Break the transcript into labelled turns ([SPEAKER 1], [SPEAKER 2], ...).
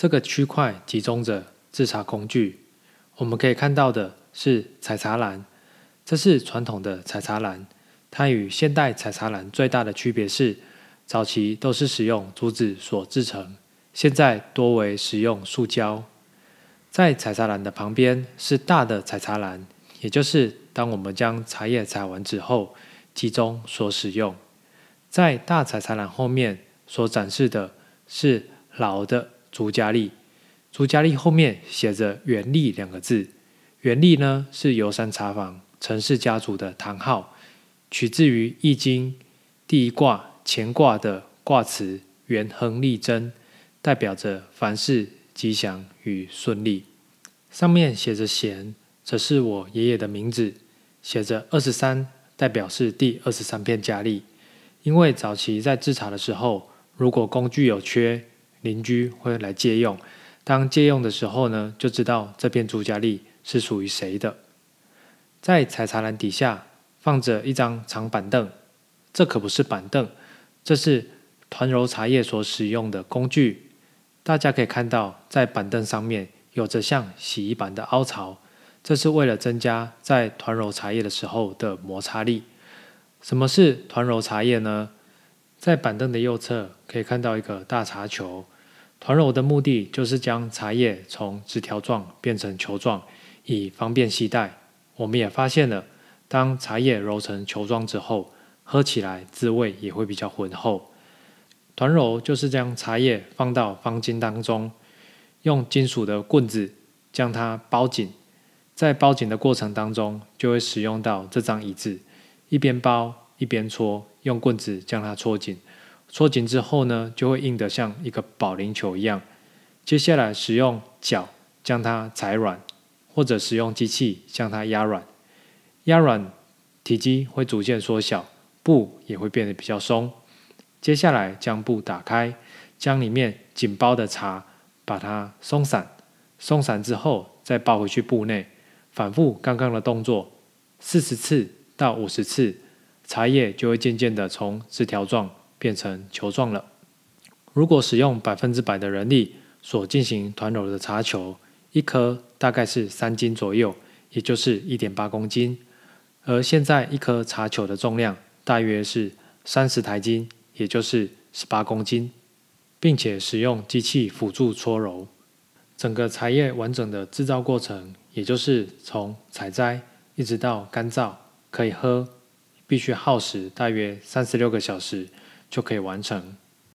[SPEAKER 1] 這個區塊集中着製茶工具。我們可以看到的是採茶籃，這是傳統的採茶籃。它與現代採茶籃最大的區別是，早期都是使用竹子所製成，現在多為使用塑膠。在採茶籃的旁邊是大的採茶籃，也就是當我們將茶葉採完之後，集中所使用。在大採茶籃後面所展示的是老的。朱家麗，朱家麗後面寫着“元利”兩個字，“元利”呢是遊山茶訪陳氏家族的堂號，取自於《易經》第一卦乾卦的卦辭“元亨利貞”，代表着凡事吉祥與順利。上面寫着“賢”，則是我爺爺的名字。寫着二十三，代表是第二十三片家麗。因為早期在制茶的時候，如果工具有缺，鄰居會來借用，當借用的時候呢，就知道這片朱家麗是屬於誰的。在採茶籃底下放着一張長板凳，這可不是板凳，這是團揉茶葉所使用的工具。大家可以看到，在板凳上面，有着像洗衣板的凹槽，這是為了增加在團揉茶葉的時候的摩擦力。什麼是團揉茶葉呢？在板凳的右側，可以看到一個大茶球。團揉的目的就是將茶葉從枝條狀變成球狀，以方便攜帶。我們也發現了，當茶葉揉成球狀之後，喝起來滋味也會比較渾厚。團揉就是將茶葉放到方巾當中，用金屬的棍子將它包緊。在包緊的過程當中，就會使用到這張椅子，一邊包一邊搓。用棍子將它搓緊，搓緊之後呢，就會硬得像一個保齡球一樣。接下來使用腳將它踩軟，或者使用機器將它壓軟。壓軟體積會逐漸縮小，布也會變得比較鬆。接下來將布打開，將裡面緊包的茶把它鬆散，鬆散之後再包回去布內，反覆剛剛的動作，四十次到五十次。茶葉就會漸漸的從枝條狀變成球狀了。如果使用百分之百的人力所進行團揉的茶球，一顆大概是三斤左右，也就是一點八公斤。而現在一顆茶球的重量大約是三十台斤，也就是十八公斤，並且使用機器輔助搓揉。整個茶葉完整的製造過程，也就是從採摘一直到乾燥，可以喝。必須耗時大約三十六個小時，就可以完成。